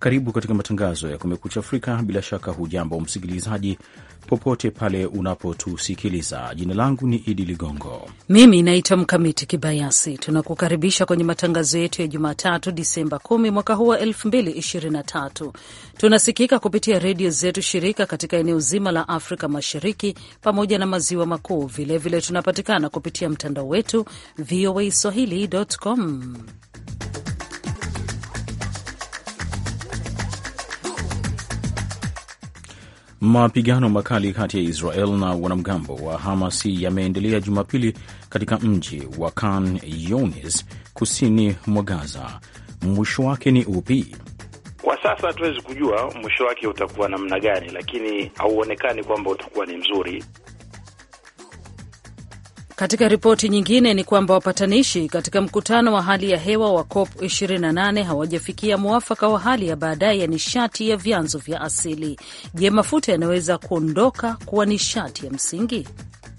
Karibu katika matangazo ya Kumekucha Afrika. Bila shaka hujambo msikilizaji, popote pale unapotusikiliza. Jina langu ni Idi Ligongo, mimi naitwa Mkamiti Kibayasi. Tunakukaribisha kwenye matangazo yetu ya Jumatatu, Disemba 10 mwaka huu wa 2023. Tunasikika kupitia redio zetu shirika katika eneo zima la Afrika Mashariki pamoja na maziwa makuu. Vilevile tunapatikana kupitia mtandao wetu voa swahili.com. Mapigano makali kati ya Israel na wanamgambo wa Hamas yameendelea Jumapili katika mji wa Khan Younis kusini mwa Gaza. Mwisho wake ni upi? Kwa sasa hatuwezi kujua mwisho wake utakuwa namna gani, lakini hauonekani kwamba utakuwa ni mzuri. Katika ripoti nyingine ni kwamba wapatanishi katika mkutano wa hali ya hewa wa COP 28 hawajafikia mwafaka wa hali ya baadaye ya nishati ya vyanzo vya asili. Je, mafuta yanaweza kuondoka kuwa nishati ya msingi?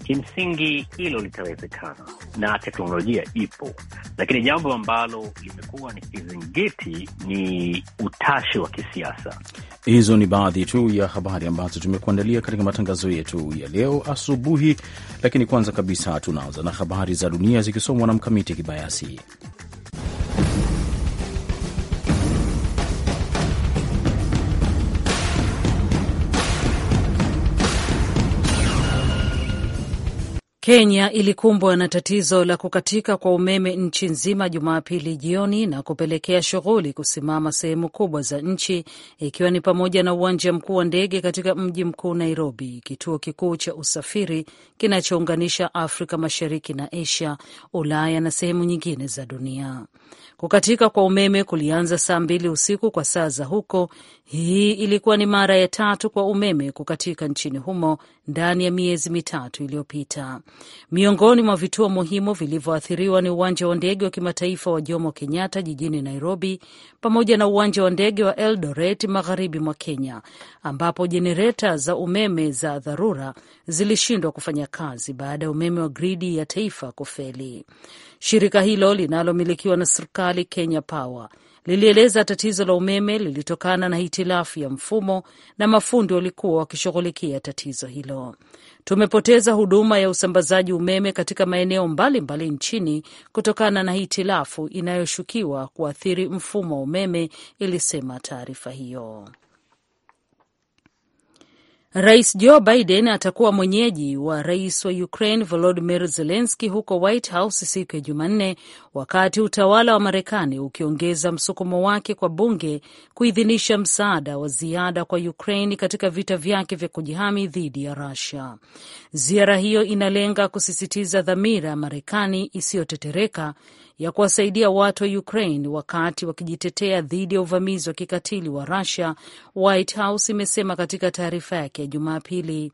Kimsingi hilo litawezekana na teknolojia ipo, lakini jambo ambalo limekuwa ni kizingiti ni utashi wa kisiasa. Hizo ni baadhi tu ya habari ambazo tumekuandalia katika matangazo yetu ya leo asubuhi, lakini kwanza kabisa tunaanza na habari za dunia zikisomwa na Mkamiti Kibayasi. Kenya ilikumbwa na tatizo la kukatika kwa umeme nchi nzima Jumapili jioni na kupelekea shughuli kusimama sehemu kubwa za nchi ikiwa ni pamoja na uwanja mkuu wa ndege katika mji mkuu Nairobi, kituo kikuu cha usafiri kinachounganisha Afrika Mashariki na Asia, Ulaya na sehemu nyingine za dunia. Kukatika kwa umeme kulianza saa mbili usiku kwa saa za huko. Hii ilikuwa ni mara ya tatu kwa umeme kukatika nchini humo ndani ya miezi mitatu iliyopita. Miongoni mwa vituo muhimu vilivyoathiriwa ni uwanja wa ndege wa kimataifa wa Jomo Kenyatta jijini Nairobi, pamoja na uwanja wa ndege wa Eldoret magharibi mwa Kenya, ambapo jenereta za umeme za dharura zilishindwa kufanya kazi baada ya umeme wa gridi ya taifa kufeli. Shirika hilo linalomilikiwa na serikali Kenya Power lilieleza tatizo la umeme lilitokana na hitilafu ya mfumo na mafundi walikuwa wakishughulikia tatizo hilo. Tumepoteza huduma ya usambazaji umeme katika maeneo mbalimbali nchini kutokana na hitilafu inayoshukiwa kuathiri mfumo wa umeme, ilisema taarifa hiyo. Rais Joe Biden atakuwa mwenyeji wa rais wa Ukraine volodimir zelenski huko White House siku ya Jumanne, wakati utawala wa Marekani ukiongeza msukumo wake kwa bunge kuidhinisha msaada wa ziada kwa Ukraine katika vita vyake vya kujihami dhidi ya Russia. Ziara hiyo inalenga kusisitiza dhamira ya Marekani isiyotetereka ya kuwasaidia watu wa Ukraine wakati wakijitetea dhidi ya uvamizi wa kikatili wa Russia, White House imesema katika taarifa yake ya Jumapili.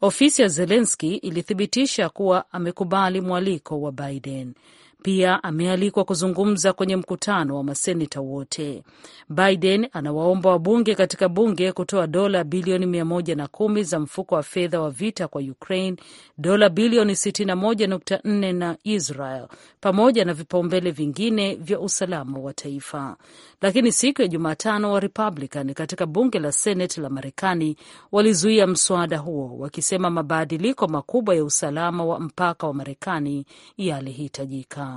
Ofisi ya Zelensky ilithibitisha kuwa amekubali mwaliko wa Biden pia amealikwa kuzungumza kwenye mkutano wa maseneta wote. Biden anawaomba wabunge katika bunge kutoa dola bilioni 110 za mfuko wa fedha wa vita kwa Ukraine, dola bilioni 61.4 na Israel, pamoja na vipaumbele vingine vya usalama wa taifa. Lakini siku ya Jumatano wa Republican katika bunge la Senate la Marekani walizuia mswada huo, wakisema mabadiliko makubwa ya usalama wa mpaka wa Marekani yalihitajika.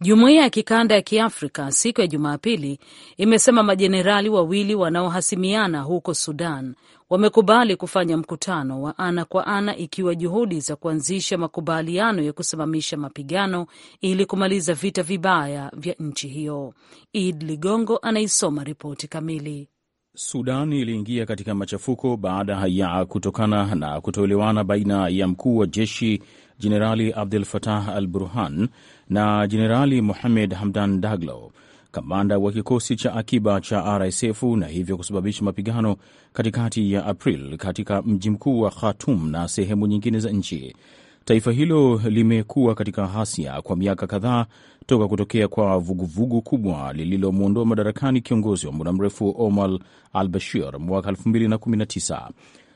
Jumuiya ya kikanda ya Kiafrika siku ya Jumapili imesema majenerali wawili wanaohasimiana huko Sudan wamekubali kufanya mkutano wa ana kwa ana ikiwa juhudi za kuanzisha makubaliano ya kusimamisha mapigano ili kumaliza vita vibaya vya nchi hiyo. Id Ligongo anaisoma ripoti kamili. Sudan iliingia katika machafuko baada ya kutokana na kutoelewana baina ya mkuu wa jeshi Jenerali abdul fatah al Burhan na Jenerali muhamed Hamdan Daglo, kamanda wa kikosi cha akiba cha RSF, na hivyo kusababisha mapigano katikati ya April katika mji mkuu wa Khartoum na sehemu nyingine za nchi. Taifa hilo limekuwa katika ghasia kwa miaka kadhaa toka kutokea kwa vuguvugu vugu kubwa lililomwondoa madarakani kiongozi wa muda mrefu Omar al-Bashir mwaka 2019.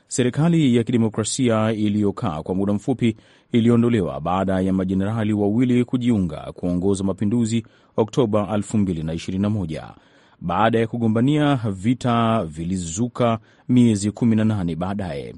Serikali ya kidemokrasia iliyokaa kwa muda mfupi iliondolewa baada ya majenerali wawili kujiunga kuongoza mapinduzi Oktoba 2021. Baada ya kugombania, vita vilizuka miezi 18 baadaye.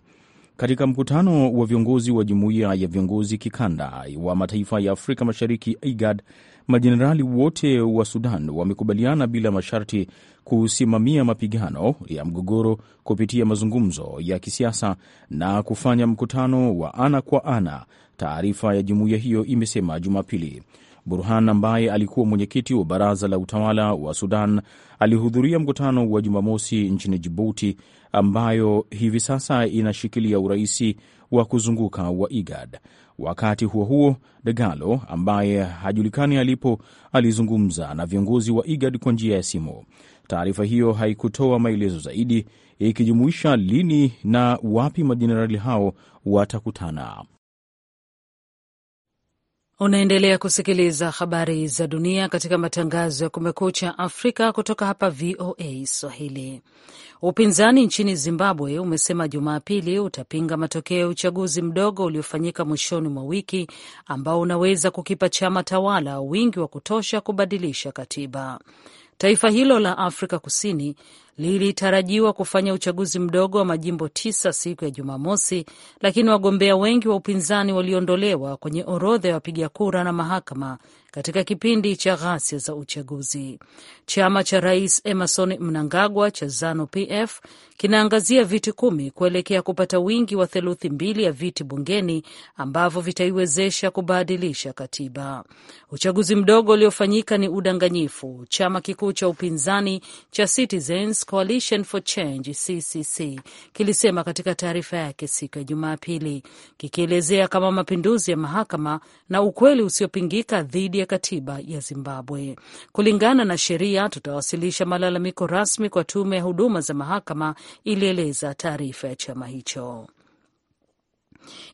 Katika mkutano wa viongozi wa jumuiya ya viongozi kikanda wa mataifa ya Afrika Mashariki, IGAD, majenerali wote wa Sudan wamekubaliana bila masharti kusimamia mapigano ya mgogoro kupitia mazungumzo ya kisiasa na kufanya mkutano wa ana kwa ana, taarifa ya jumuiya hiyo imesema Jumapili. Burhan ambaye alikuwa mwenyekiti wa baraza la utawala wa Sudan alihudhuria mkutano wa Jumamosi nchini Jibuti, ambayo hivi sasa inashikilia uraisi wa kuzunguka wa IGAD. Wakati huo huo, degalo ambaye hajulikani alipo alizungumza na viongozi wa IGAD kwa njia ya simu. Taarifa hiyo haikutoa maelezo zaidi ikijumuisha lini na wapi majenerali hao watakutana. Unaendelea kusikiliza habari za dunia katika matangazo ya Kumekucha Afrika kutoka hapa VOA Swahili. Upinzani nchini Zimbabwe umesema Jumapili utapinga matokeo ya uchaguzi mdogo uliofanyika mwishoni mwa wiki ambao unaweza kukipa chama tawala wingi wa kutosha kubadilisha katiba. Taifa hilo la Afrika Kusini lilitarajiwa kufanya uchaguzi mdogo wa majimbo tisa siku ya Jumamosi, lakini wagombea wengi wa upinzani waliondolewa kwenye orodha ya wapiga kura na mahakama katika kipindi cha ghasia za uchaguzi. Chama cha Rais Emerson Mnangagwa cha Zanu PF kinaangazia viti kumi kuelekea kupata wingi wa theluthi mbili ya viti bungeni ambavyo vitaiwezesha kubadilisha katiba. Uchaguzi mdogo uliofanyika ni udanganyifu, chama kikuu cha upinzani cha Citizens Coalition for Change CCC kilisema katika taarifa yake siku ya Jumapili, kikielezea kama mapinduzi ya mahakama na ukweli usiopingika dhidi ya katiba ya Zimbabwe. Kulingana na sheria, tutawasilisha malalamiko rasmi kwa tume ya huduma za mahakama, ilieleza taarifa ya chama hicho.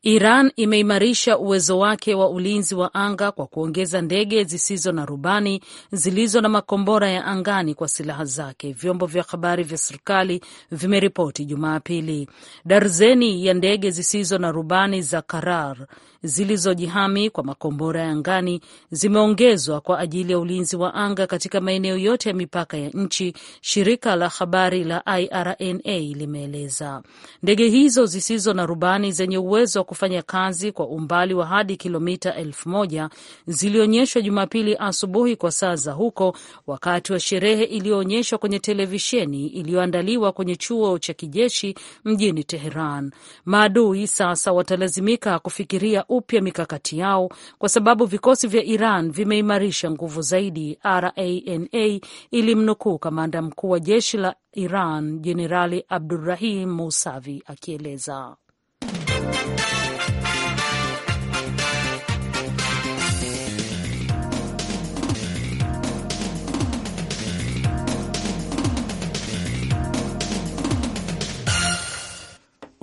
Iran imeimarisha uwezo wake wa ulinzi wa anga kwa kuongeza ndege zisizo na rubani zilizo na makombora ya angani kwa silaha zake, vyombo vya habari vya serikali vimeripoti Jumapili. Darzeni ya ndege zisizo na rubani za karar zilizojihami kwa makombora ya ngani zimeongezwa kwa ajili ya ulinzi wa anga katika maeneo yote ya mipaka ya nchi, shirika la habari la IRNA limeeleza. Ndege hizo zisizo na rubani zenye uwezo wa kufanya kazi kwa umbali wa hadi kilomita elfu moja zilionyeshwa Jumapili asubuhi kwa saa za huko, wakati wa sherehe iliyoonyeshwa kwenye televisheni iliyoandaliwa kwenye chuo cha kijeshi mjini Teheran. Maadui sasa watalazimika kufikiria upya mikakati yao kwa sababu vikosi vya Iran vimeimarisha nguvu zaidi, Rana ilimnukuu kamanda mkuu wa jeshi la Iran Jenerali abdurahim Musavi akieleza.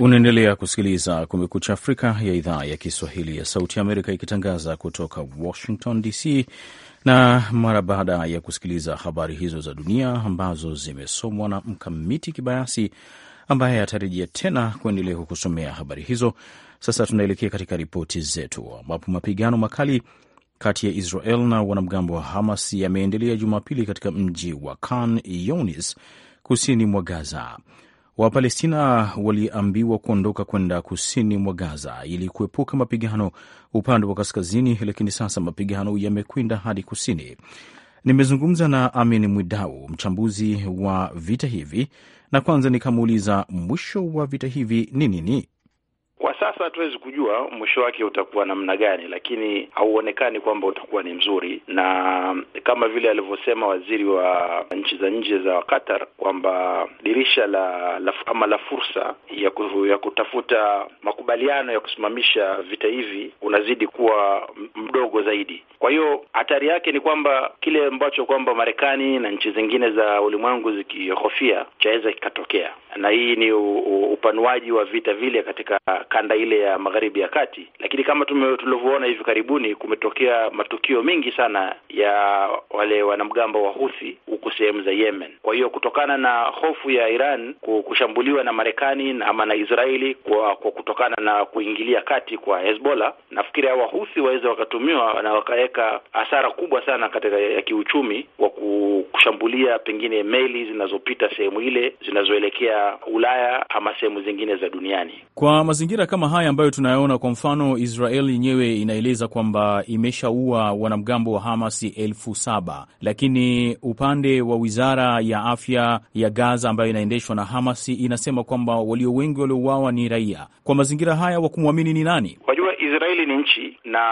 Unaendelea kusikiliza Kumekucha Afrika ya idhaa ya Kiswahili ya Sauti ya Amerika ikitangaza kutoka Washington DC. Na mara baada ya kusikiliza habari hizo za dunia ambazo zimesomwa na Mkamiti Kibayasi ambaye atarejea tena kuendelea kukusomea habari hizo. Sasa tunaelekea katika ripoti zetu, ambapo mapigano makali kati ya Israel na wanamgambo wa Hamas yameendelea Jumapili katika mji wa Khan Younis kusini mwa Gaza. Wapalestina waliambiwa kuondoka kwenda kusini mwa Gaza ili kuepuka mapigano upande wa kaskazini, lakini sasa mapigano yamekwenda hadi kusini. Nimezungumza na Amin Mwidau, mchambuzi wa vita hivi, na kwanza nikamuuliza mwisho wa vita hivi ni nini? sasa hatuwezi kujua mwisho wake utakuwa namna gani, lakini hauonekani kwamba utakuwa ni mzuri, na kama vile alivyosema waziri wa nchi za nje za Qatar kwamba dirisha la, la ama la fursa ya, ku, ya kutafuta makubaliano ya kusimamisha vita hivi unazidi kuwa mdogo zaidi. Kwa hiyo hatari yake ni kwamba kile ambacho kwamba Marekani na nchi zingine za ulimwengu zikihofia chaweza kikatokea, na hii ni upanuaji wa vita vile katika kanda ile ya magharibi ya kati, lakini kama tulivyoona hivi karibuni, kumetokea matukio mengi sana ya wale wanamgambo wa Houthi huko sehemu za Yemen. Kwa hiyo kutokana na hofu ya Iran kushambuliwa na Marekani ama na Israeli kwa, kwa kutokana na kuingilia kati kwa Hezbollah, nafikiri hawa Houthi waweza wakatumiwa na wakaweka hasara kubwa sana katika ya kiuchumi kwa kushambulia pengine meli zinazopita sehemu ile zinazoelekea Ulaya ama sehemu zingine za duniani kwa mazingira kama kama haya ambayo tunayaona, kwa mfano israel yenyewe inaeleza kwamba imeshaua wanamgambo wa Hamas elfu saba, lakini upande wa wizara ya afya ya Gaza ambayo inaendeshwa na Hamas inasema kwamba walio wengi waliouawa ni raia. Kwa mazingira haya, wa kumwamini ni nani? Wajua Israeli ni nchi na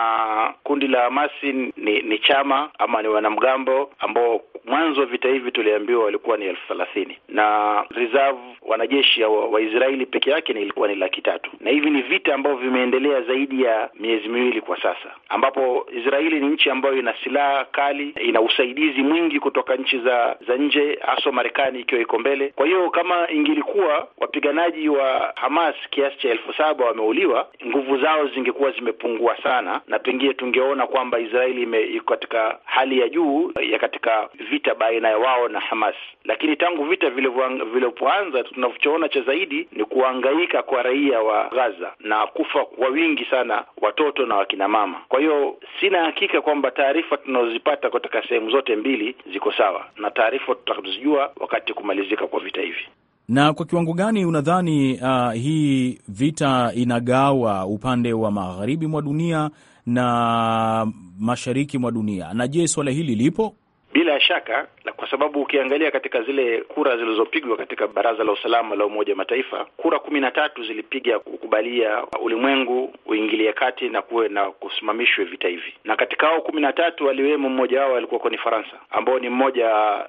kundi la Hamasi ni, ni chama ama ni wanamgambo ambao mwanzo wa vita hivi tuliambiwa walikuwa ni elfu thelathini na reserve wanajeshi wa Waisraeli peke yake ni ilikuwa ni laki tatu, na hivi ni vita ambavyo vimeendelea zaidi ya miezi miwili kwa sasa, ambapo Israeli ni nchi ambayo ina silaha kali, ina usaidizi mwingi kutoka nchi za za nje, haswa Marekani ikiwa iko mbele. Kwa hiyo kama ingilikuwa wapiganaji wa Hamas kiasi cha elfu saba wameuliwa, nguvu zao zingekuwa zimepungua sana, na pengine tungeona kwamba Israeli iko katika hali ya juu ya katika vita baina ya wao na Hamas, lakini tangu vita vilivyoanza tunachoona cha zaidi ni kuangaika kwa raia wa Gaza na kufa kwa wingi sana watoto na wakina mama. Kwa hiyo sina hakika kwamba taarifa tunazozipata kutoka sehemu zote mbili ziko sawa, na taarifa tutakazojua wakati kumalizika kwa vita hivi. Na kwa kiwango gani unadhani uh, hii vita inagawa upande wa magharibi mwa dunia na mashariki mwa dunia, na je, suala hili lipo bila shaka, kwa sababu ukiangalia katika zile kura zilizopigwa katika Baraza la Usalama la Umoja wa Mataifa, kura kumi na tatu zilipiga kukubalia ulimwengu uingilie kati na kuwe na kusimamishwe vita hivi, na katika hao kumi na tatu aliwemo mmoja wao alikuwa koni Faransa, ambao ni mmoja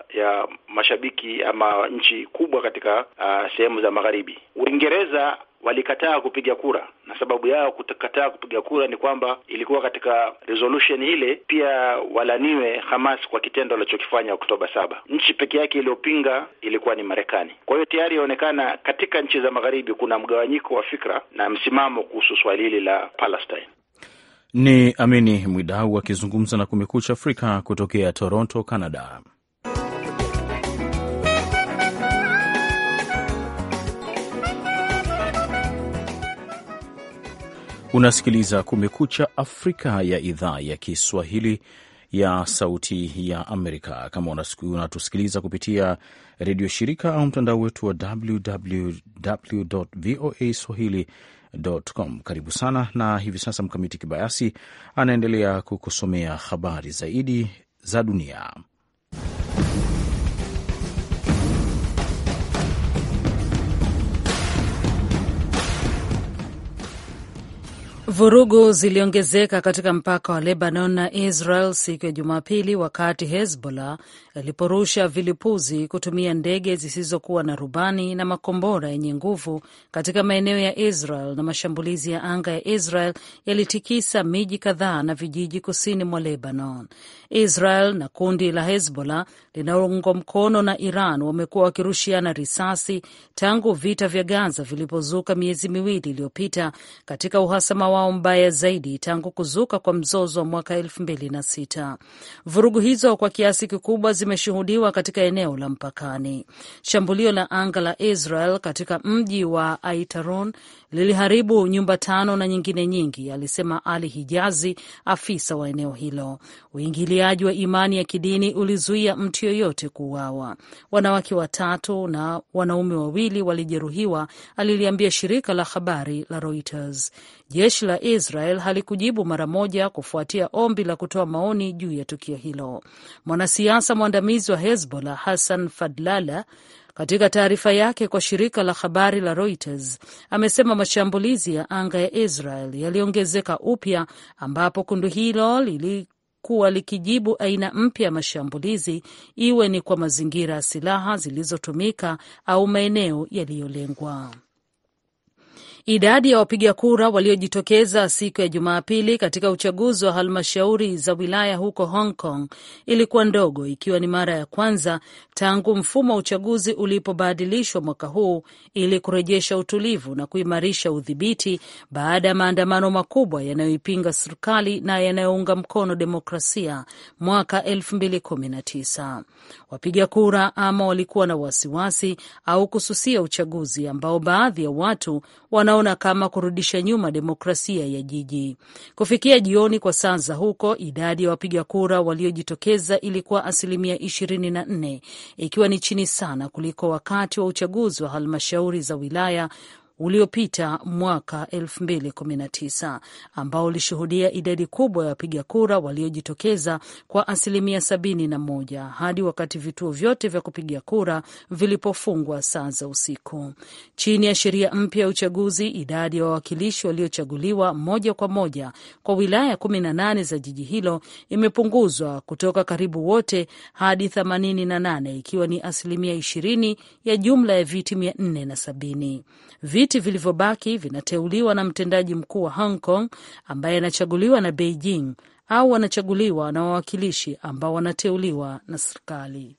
ya mashabiki ama nchi kubwa katika uh, sehemu za magharibi. Uingereza walikataa kupiga kura, na sababu yao kukataa kupiga kura ni kwamba ilikuwa katika resolution ile pia walaniwe Hamas kwa kitendo alichokifanya Oktoba saba. Nchi peke yake iliyopinga ilikuwa ni Marekani. Kwa hiyo tayari inaonekana katika nchi za magharibi kuna mgawanyiko wa fikra na msimamo kuhusu swali hili la Palestine. Ni Amini Mwidau akizungumza na Kumekucha Afrika kutokea Toronto, Canada. Unasikiliza Kumekucha Afrika ya idhaa ya Kiswahili ya Sauti ya Amerika. Kama unatusikiliza kupitia redio shirika au mtandao wetu wa www voa com, karibu sana. Na hivi sasa Mkamiti Kibayasi anaendelea kukusomea habari zaidi za dunia. Vurugu ziliongezeka katika mpaka wa Lebanon na Israel siku ya Jumapili wakati Hezbollah iliporusha vilipuzi kutumia ndege zisizokuwa na rubani na makombora yenye nguvu katika maeneo ya Israel, na mashambulizi ya anga ya Israel yalitikisa miji kadhaa na vijiji kusini mwa Lebanon. Israel na kundi la Hezbollah linaloungwa mkono na Iran wamekuwa wakirushiana risasi tangu vita vya Gaza vilipozuka miezi miwili iliyopita katika uhasama wao mbaya zaidi tangu kuzuka kwa mzozo wa mwaka sita. Vurugu hizo kwa kiasi kikubwa zimeshuhudiwa katika eneo la mpakani. Shambulio la anga la Israel katika mji wa Aitaron liliharibu nyumba tano na nyingine nyingi, alisema Ali Hijazi, afisa wa eneo hilo. Uingiliaji wa imani ya kidini ulizuia mtu yoyote kuuawa. Wanawake watatu na wanaume wawili walijeruhiwa, aliliambia shirika la habari la Reuters. Jeshi la Israel halikujibu mara moja kufuatia ombi la kutoa maoni juu ya tukio hilo. Mwanasiasa mwandamizi wa Hezbollah Hassan Fadlala katika taarifa yake kwa shirika la habari la Reuters, amesema mashambulizi ya anga ya Israel yaliongezeka upya, ambapo kundi hilo lili kuwa likijibu aina mpya ya mashambulizi iwe ni kwa mazingira ya silaha zilizotumika au maeneo yaliyolengwa. Idadi ya wapiga kura waliojitokeza siku ya Jumapili katika uchaguzi wa halmashauri za wilaya huko Hong Kong ilikuwa ndogo, ikiwa ni mara ya kwanza tangu mfumo wa uchaguzi ulipobadilishwa mwaka huu ili kurejesha utulivu na kuimarisha udhibiti baada ya maandamano makubwa yanayoipinga serikali na yanayounga mkono demokrasia mwaka 2019. Wapiga kura ama walikuwa na wasiwasi au kususia uchaguzi ambao baadhi ya watu wana wanaona kama kurudisha nyuma demokrasia ya jiji. Kufikia jioni kwa saa za huko, idadi ya wapiga kura waliojitokeza ilikuwa asilimia 24, ikiwa ni chini sana kuliko wakati wa uchaguzi wa halmashauri za wilaya uliopita mwaka 2019 ambao ulishuhudia idadi kubwa ya wapiga kura waliojitokeza kwa asilimia 71 hadi wakati vituo vyote vya kupiga kura vilipofungwa saa za usiku. Chini ya sheria mpya ya uchaguzi, idadi ya wa wawakilishi waliochaguliwa moja kwa moja kwa wilaya 18 za jiji hilo imepunguzwa kutoka karibu wote hadi 88 ikiwa ni asilimia 20 ya jumla ya viti 470. Viti vilivyobaki vinateuliwa na mtendaji mkuu wa Hong Kong ambaye anachaguliwa na Beijing au wanachaguliwa na wawakilishi ambao wanateuliwa na serikali.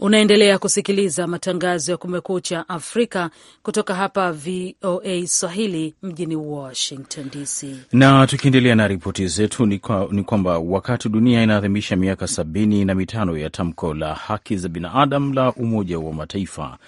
Unaendelea kusikiliza matangazo ya Kumekucha Afrika kutoka hapa VOA Swahili mjini Washington DC. Na tukiendelea na ripoti zetu ni, kwa, kwamba wakati dunia inaadhimisha miaka sabini na mitano ya tamko la haki za binadamu la Umoja wa Mataifa,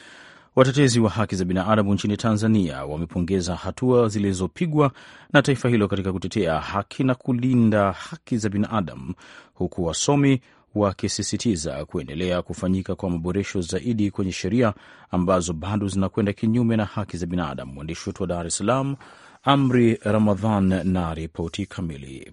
watetezi wa haki za binadamu nchini Tanzania wamepongeza hatua zilizopigwa na taifa hilo katika kutetea haki na kulinda haki za binadamu, huku wasomi wakisisitiza kuendelea kufanyika kwa maboresho zaidi kwenye sheria ambazo bado zinakwenda kinyume na haki za binadamu. Mwandishi wetu wa Dar es Salaam, Amri Ramadhan, na ripoti kamili.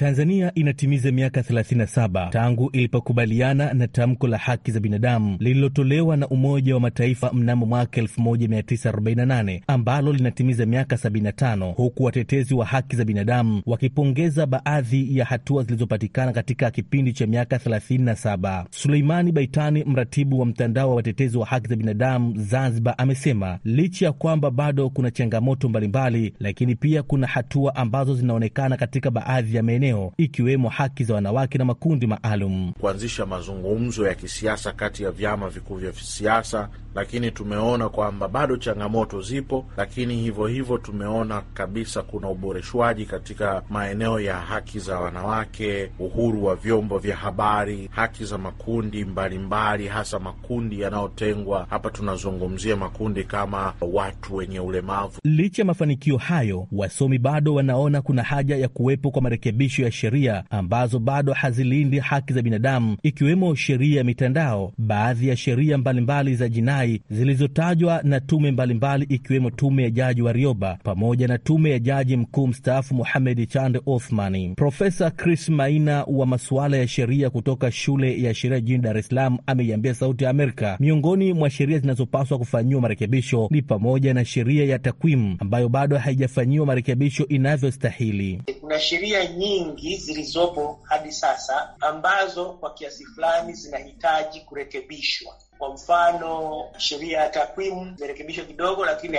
Tanzania inatimiza miaka 37 tangu ilipokubaliana na tamko la haki za binadamu lililotolewa na Umoja wa Mataifa mnamo mwaka 1948 ambalo linatimiza miaka 75, huku watetezi wa haki za binadamu wakipongeza baadhi ya hatua zilizopatikana katika kipindi cha miaka 37. Suleimani Baitani, mratibu wa mtandao wa watetezi wa haki za binadamu Zanzibar, amesema licha ya kwamba bado kuna changamoto mbalimbali, lakini pia kuna hatua ambazo zinaonekana katika baadhi ya maeneo maeneo ikiwemo haki za wanawake na makundi maalum, kuanzisha mazungumzo ya kisiasa kati ya vyama vikuu vya siasa. Lakini tumeona kwamba bado changamoto zipo, lakini hivyo hivyo tumeona kabisa kuna uboreshwaji katika maeneo ya haki za wanawake, uhuru wa vyombo vya habari, haki za makundi mbalimbali mbali, hasa makundi yanayotengwa. Hapa tunazungumzia makundi kama watu wenye ulemavu. Licha ya mafanikio hayo, wasomi bado wanaona kuna haja ya kuwepo kwa marekebisho marekebisho ya sheria ambazo bado hazilindi haki za binadamu, ikiwemo sheria ya mitandao, baadhi ya sheria mbalimbali za jinai zilizotajwa na tume mbalimbali, ikiwemo tume ya Jaji Warioba pamoja na tume ya Jaji Mkuu mstaafu muhamedi Chande Othmani. Profesa Chris Maina wa masuala ya sheria kutoka shule ya sheria jijini Dar es Salaam ameiambia Sauti ya Amerika miongoni mwa sheria zinazopaswa kufanyiwa marekebisho ni pamoja na sheria ya takwimu ambayo bado haijafanyiwa marekebisho inavyostahili. Kuna sheria nyingi nyingi zilizopo hadi sasa ambazo kwa kiasi fulani zinahitaji kurekebishwa. Kwa mfano, sheria ya takwimu imerekebishwa kidogo, lakini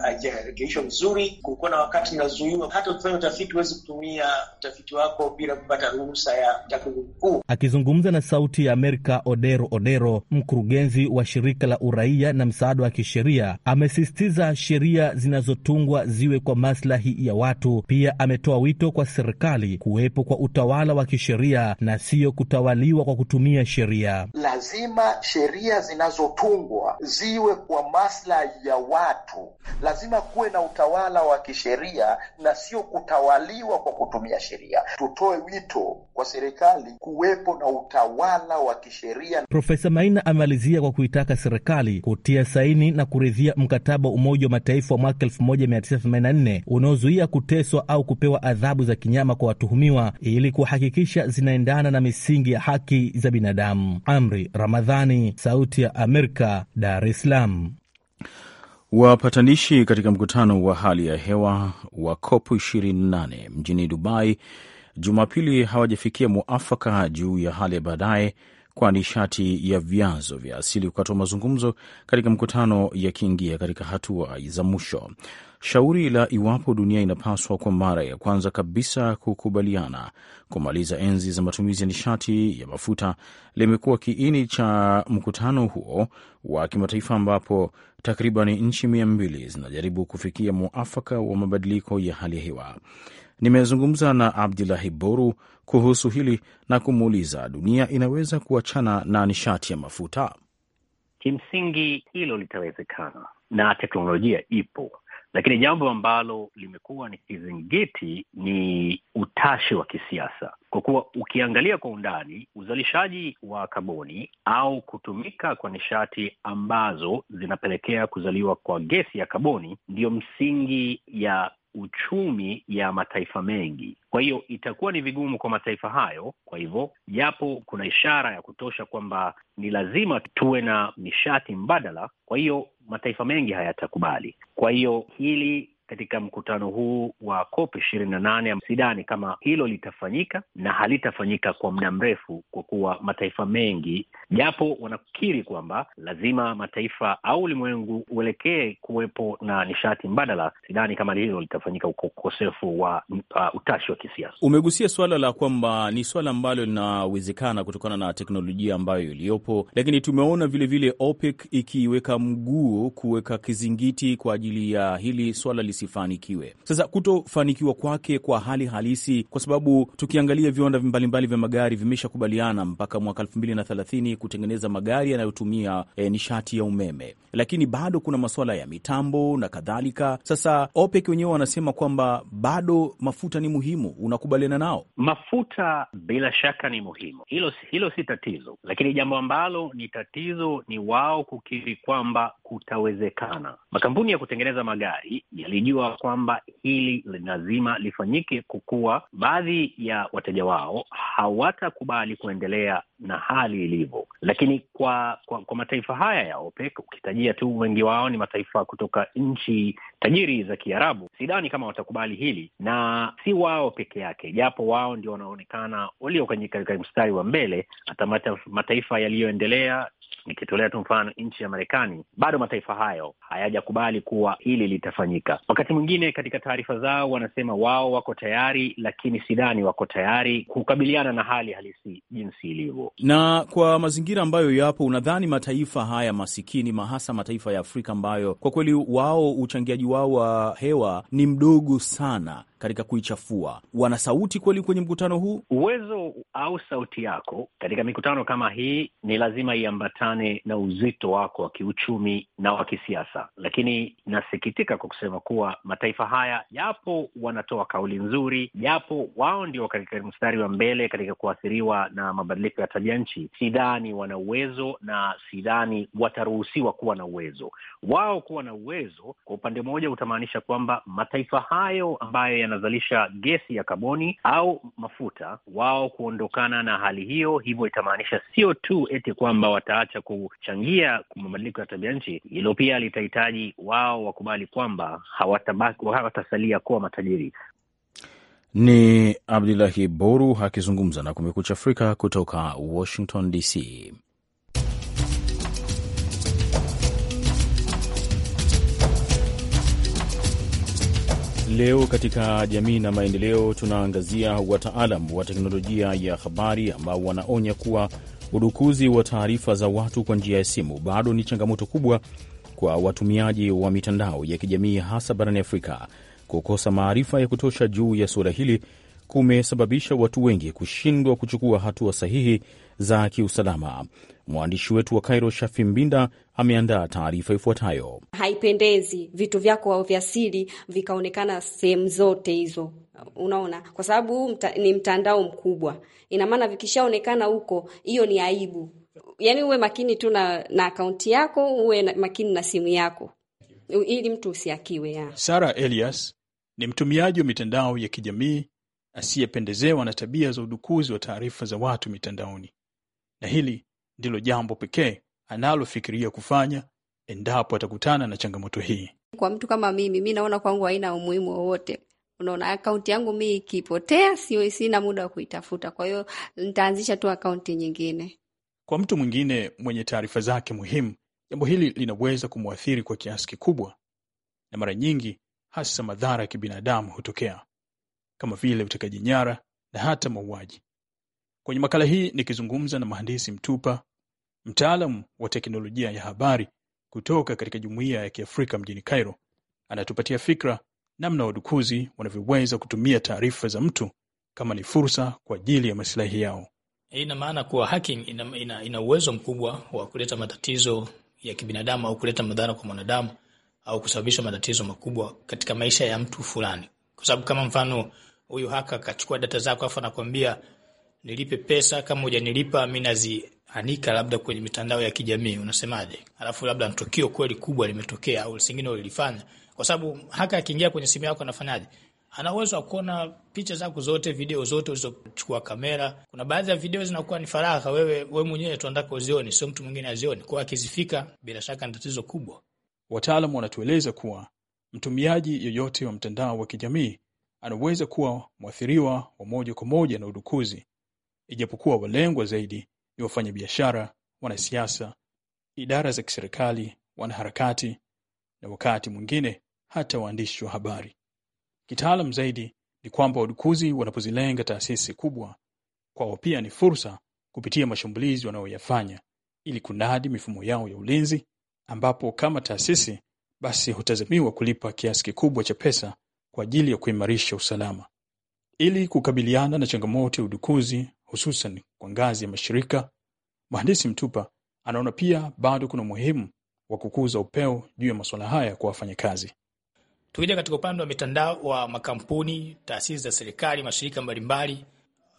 haijarekebishwa vizuri. Kulikuwa na wakati inazuiwa hata ukifanya utafiti huwezi kutumia utafiti wako bila kupata ruhusa ya takwimu mkuu. Akizungumza na Sauti ya Amerika, Odero Odero, mkurugenzi wa shirika la uraia na msaada wa kisheria, amesisitiza sheria zinazotungwa ziwe kwa maslahi ya watu. Pia ametoa wito kwa serikali kuwepo kwa utawala wa kisheria na siyo kutawaliwa kwa kutumia sheria. Lazima sheria zinazotungwa ziwe kwa maslahi ya watu. Lazima kuwe na utawala wa kisheria na sio kutawaliwa kwa kutumia sheria. Tutoe wito kwa serikali kuwepo na utawala wa kisheria. Profesa Maina amemalizia kwa kuitaka serikali kutia saini na kuridhia mkataba wa Umoja wa Mataifa wa mwaka 1984 unaozuia kuteswa au kupewa adhabu za kinyama kwa watuhumiwa ili kuhakikisha zinaendana na misingi ya haki za binadamu. Amri Ramadhani, Sauti Sauti ya Amerika, Dar es Salaam. Wapatanishi katika mkutano wa hali ya hewa wa COP 28 mjini Dubai Jumapili hawajafikia mwafaka juu ya hali ya baadaye kwa nishati ya vyanzo vya asili kukatwa mazungumzo katika mkutano yakiingia katika hatua za mwisho. Shauri la iwapo dunia inapaswa kwa mara ya kwanza kabisa kukubaliana kumaliza enzi za matumizi ya nishati ya mafuta limekuwa kiini cha mkutano huo wa kimataifa ambapo takriban nchi mia mbili zinajaribu kufikia mwafaka wa mabadiliko ya hali ya hewa. Nimezungumza na Abdulahi Boru, kuhusu hili na kumuuliza dunia inaweza kuachana na nishati ya mafuta. Kimsingi hilo litawezekana na teknolojia ipo, lakini jambo ambalo limekuwa ni kizingiti ni utashi wa kisiasa, kwa kuwa ukiangalia kwa undani uzalishaji wa kaboni au kutumika kwa nishati ambazo zinapelekea kuzaliwa kwa gesi ya kaboni ndiyo msingi ya uchumi ya mataifa mengi. Kwa hiyo itakuwa ni vigumu kwa mataifa hayo. Kwa hivyo, japo kuna ishara ya kutosha kwamba ni lazima tuwe na nishati mbadala, kwa hiyo mataifa mengi hayatakubali. Kwa hiyo hili katika mkutano huu wa COP ishirini na nane sidani kama hilo litafanyika na halitafanyika kwa muda mrefu, kwa kuwa mataifa mengi japo wanakiri kwamba lazima mataifa au ulimwengu uelekee kuwepo na nishati mbadala. Sidhani kama hilo litafanyika kwa ukosefu wa uh, utashi wa kisiasa. Umegusia suala la kwamba ni swala ambalo linawezekana kutokana na teknolojia ambayo iliyopo, lakini tumeona vilevile OPEC ikiweka mguu kuweka kizingiti kwa ajili ya hili swala lisifanikiwe. Sasa kutofanikiwa kwake kwa hali halisi, kwa sababu tukiangalia viwanda mbalimbali vya magari vimeshakubaliana mpaka mwaka elfu mbili na thelathini kutengeneza magari yanayotumia e, nishati ya umeme, lakini bado kuna masuala ya mitambo na kadhalika. Sasa OPEC wenyewe wanasema kwamba bado mafuta ni muhimu. Unakubaliana nao? Mafuta bila shaka ni muhimu, hilo hilo si tatizo, lakini jambo ambalo ni tatizo ni wao kukiri kwamba kutawezekana. Makampuni ya kutengeneza magari yalijua kwamba hili lazima lifanyike, kukuwa baadhi ya wateja wao hawatakubali kuendelea na hali ilivyo. Lakini kwa, kwa kwa mataifa haya ya OPEC ukitajia tu, wengi wao ni mataifa kutoka nchi tajiri za Kiarabu, sidhani kama watakubali hili, na si wao peke yake, japo wao ndio wanaonekana walio katika mstari wa mbele. Hata mataifa yaliyoendelea Nikitolea tu mfano nchi ya Marekani, bado mataifa hayo hayajakubali kuwa hili litafanyika. Wakati mwingine katika taarifa zao wanasema wao wako tayari, lakini sidhani wako tayari kukabiliana na hali halisi jinsi ilivyo. Na kwa mazingira ambayo yapo, unadhani mataifa haya masikini, hasa mataifa ya Afrika ambayo kwa kweli wao uchangiaji wao wa hewa ni mdogo sana katika kuichafua? Wana sauti kweli kwenye mkutano huu? Uwezo au sauti yako katika mikutano kama hii ni lazima iambatane na uzito wako wa kiuchumi na wa kisiasa, lakini nasikitika kwa kusema kuwa mataifa haya yapo wanatoa kauli nzuri, japo wao ndio katika mstari wa mbele katika kuathiriwa na mabadiliko ya tabia nchi, sidhani wana uwezo na sidhani wataruhusiwa kuwa na uwezo. Wao kuwa na uwezo kwa upande mmoja utamaanisha kwamba mataifa hayo ambayo yanazalisha gesi ya kaboni au mafuta, wao kuondokana na hali hiyo, hivyo itamaanisha sio tu eti kwamba wataacha kuchangia mabadiliko ya tabia nchi, hilo pia litahitaji wao wakubali kwamba hawatabaki, hawatasalia kuwa matajiri. Ni Abdulahi Boru akizungumza na Kumekucha Afrika kutoka Washington DC. leo katika jamii na maendeleo, tunaangazia wataalam wa teknolojia ya habari ambao wanaonya kuwa udukuzi wa taarifa za watu kwa njia ya simu bado ni changamoto kubwa kwa watumiaji wa mitandao ya kijamii hasa barani Afrika. Kukosa maarifa ya kutosha juu ya suala hili kumesababisha watu wengi kushindwa kuchukua hatua sahihi za kiusalama. Mwandishi wetu wa Kairo, Shafi Mbinda, ameandaa taarifa ifuatayo. Haipendezi vitu vyako vya siri vikaonekana sehemu zote hizo, unaona, kwa sababu huu mta, ni mtandao mkubwa. Ina maana vikishaonekana huko, hiyo ni aibu. Yaani uwe makini tu na, na akaunti yako, uwe makini na simu yako ili mtu usiakiwe ya. Sara Elias ni mtumiaji wa mitandao ya kijamii asiyependezewa na tabia za udukuzi wa taarifa za watu mitandaoni, na hili ndilo jambo pekee analofikiria kufanya endapo atakutana na changamoto hii. Kwa mtu kama mimi, mi naona kwangu haina umuhimu wowote. Unaona, akaunti yangu mi ikipotea, sio, sina muda wa kuitafuta, kwa hiyo nitaanzisha tu akaunti nyingine. Kwa mtu mwingine mwenye taarifa zake muhimu, jambo hili linaweza kumwathiri kwa kiasi kikubwa, na mara nyingi hasa madhara ya kibinadamu hutokea kama vile utekaji nyara na hata mauaji. Kwenye makala hii nikizungumza na mhandisi Mtupa Mtaalamu wa teknolojia ya habari kutoka katika Jumuiya ya Kiafrika mjini Cairo anatupatia fikra namna wadukuzi wanavyoweza kutumia taarifa za mtu kama ni fursa kwa ajili ya masilahi yao. Ina maana kuwa hacking ina, ina, ina uwezo mkubwa wa kuleta matatizo ya kibinadamu au kuleta madhara kwa mwanadamu au kusababisha matatizo makubwa katika maisha ya mtu fulani, kwa sababu kama mfano huyu haka akachukua data zako afu anakuambia nilipe pesa, kama hujanilipa mi nazi anika labda kwenye mitandao ya kijamii unasemaje? Alafu labda tukio kweli kubwa limetokea au singine ulilifanya, kwa sababu haka akiingia kwenye simu yako anafanyaje? Ana uwezo wa kuona picha zako zote, video zote ulizochukua kamera. Kuna baadhi ya video zinakuwa ni faraha, wewe wewe mwenyewe tu unataka uzione, sio mtu mwingine azione. Kwa akizifika, bila shaka ni tatizo kubwa. Wataalamu wanatueleza kuwa mtumiaji yoyote wa mtandao wa kijamii anaweza kuwa mwathiriwa wa moja kwa moja na udukuzi, ijapokuwa walengwa zaidi ni wafanyabiashara, wanasiasa, idara za kiserikali, wanaharakati na wakati mwingine hata waandishi wa habari. Kitaalam zaidi ni kwamba wadukuzi wanapozilenga taasisi kubwa, kwao pia ni fursa kupitia mashambulizi wanayoyafanya ili kunadi mifumo yao ya ulinzi, ambapo kama taasisi basi hutazamiwa kulipa kiasi kikubwa cha pesa kwa ajili ya kuimarisha usalama. Ili kukabiliana na changamoto ya udukuzi, hususan kwa ngazi ya mashirika. Mhandisi Mtupa anaona pia bado kuna umuhimu wa kukuza upeo juu ya masuala haya kwa wafanyakazi. Tukija katika upande wa mitandao wa makampuni, taasisi za serikali, mashirika mbalimbali,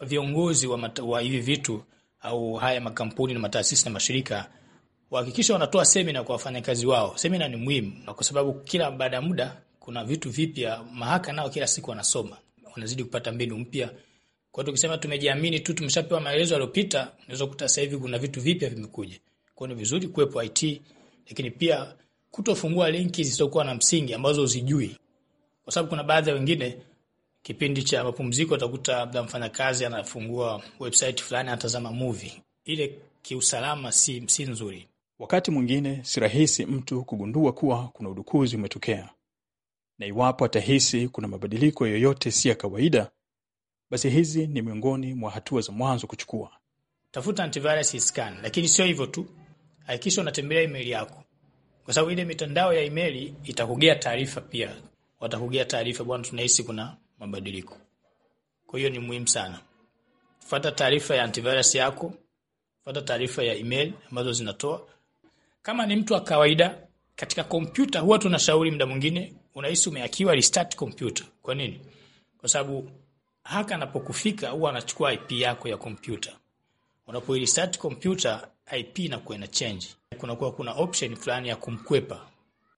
viongozi wa, wa hivi vitu au haya makampuni na mataasisi na mashirika wahakikisha wanatoa semina kwa wafanyakazi wao. Semina ni muhimu, na kwa sababu kila baada ya muda kuna vitu vipya, mahaka nao kila siku wanasoma, wanazidi kupata mbinu mpya kwa tukisema tumejiamini tu, tumeshapewa maelezo yaliyopita, unaweza kukuta sasa hivi kuna vitu vipya vimekuja. Kwa hiyo ni vizuri kuwepo IT, lakini pia kutofungua linki zisizokuwa na msingi ambazo uzijui, kwa sababu kuna baadhi ya wengine kipindi cha mapumziko utakuta labda mfanyakazi anafungua website fulani, anatazama movie ile, kiusalama si, si nzuri. Wakati mwingine si rahisi mtu kugundua kuwa kuna udukuzi umetokea, na iwapo atahisi kuna mabadiliko yoyote si ya kawaida basi hizi ni miongoni mwa hatua za mwanzo kuchukua. Tafuta antivirus scan, lakini sio hivyo tu, hakikisha unatembelea email yako, kwa sababu ile mitandao ya email itakugea taarifa pia, watakugea taarifa, bwana, tunahisi kuna mabadiliko. Kwa hiyo ni muhimu sana, fuata taarifa ya antivirus yako, fuata taarifa ya email ambazo zinatoa. Kama ni mtu wa kawaida katika kompyuta, huwa tunashauri muda mwingine, unahisi umeakiwa, restart kompyuta. Kwa nini? Kwa sababu haka anapokufika huwa anachukua IP yako ya kompyuta. Unapoirestart kompyuta, IP inakuwa ina change, kunakuwa kuna option fulani ya kumkwepa.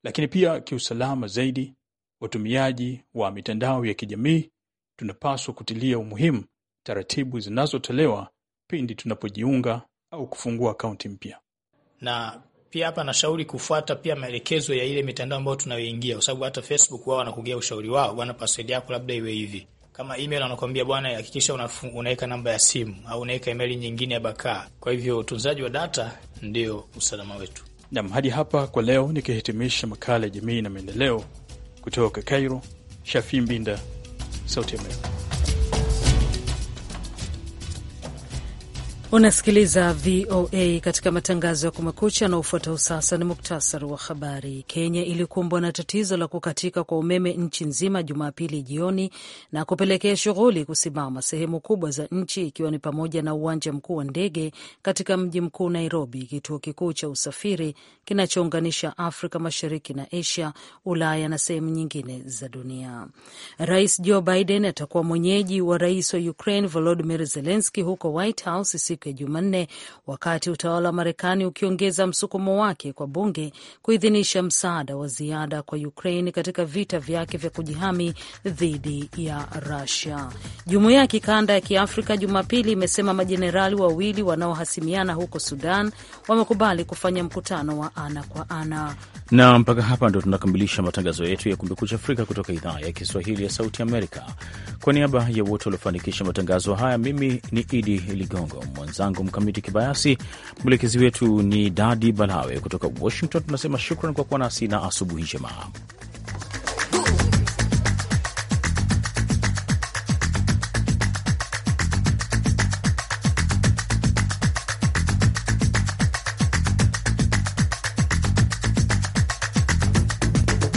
Lakini pia kiusalama zaidi, watumiaji wa mitandao ya kijamii tunapaswa kutilia umuhimu taratibu zinazotolewa pindi tunapojiunga au kufungua akaunti mpya, na pia hapa nashauri kufuata pia maelekezo ya ile mitandao ambayo tunayoingia, kwa sababu hata Facebook wao wanakugea ushauri wao, bwana, password yako labda iwe hivi kama email anakuambia bwana, hakikisha unaweka namba ya simu au unaweka email nyingine ya bakaa. Kwa hivyo utunzaji wa data ndio usalama wetu. Nam, hadi hapa kwa leo, nikihitimisha makala ya jamii na maendeleo kutoka Cairo. Shafi Mbinda, Sauti ya Amerika. Unasikiliza VOA katika matangazo ya Kumekucha na ufuatao sasa ni muktasari wa habari. Kenya ilikumbwa na tatizo la kukatika kwa umeme nchi nzima Jumapili jioni na kupelekea shughuli kusimama sehemu kubwa za nchi, ikiwa ni pamoja na uwanja mkuu wa ndege katika mji mkuu Nairobi, kituo kikuu cha usafiri kinachounganisha Afrika Mashariki na Asia, Ulaya na sehemu nyingine za dunia. Rais Joe Biden atakuwa mwenyeji wa rais wa Ukraine volodimir zelenski huko White House siku ya Jumanne, wakati utawala wa Marekani ukiongeza msukumo wake kwa bunge kuidhinisha msaada wa ziada kwa Ukraine katika vita vyake vya kujihami dhidi ya Rusia. Jumuiya ya kikanda ya Kiafrika Jumapili imesema majenerali wawili wanaohasimiana huko Sudan wamekubali kufanya mkutano wa ana kwa ana. Na mpaka hapa ndo tunakamilisha matangazo yetu ya Kumekucha Afrika kutoka idhaa ya Kiswahili ya Sauti Amerika. Kwa niaba ya wote waliofanikisha matangazo haya, mimi ni Idi Ligongo mwenzangu Mkamiti Kibayasi. Mwelekezi wetu ni Dadi Balawe kutoka Washington. Tunasema shukran kwa kuwa nasi na asubuhi njema.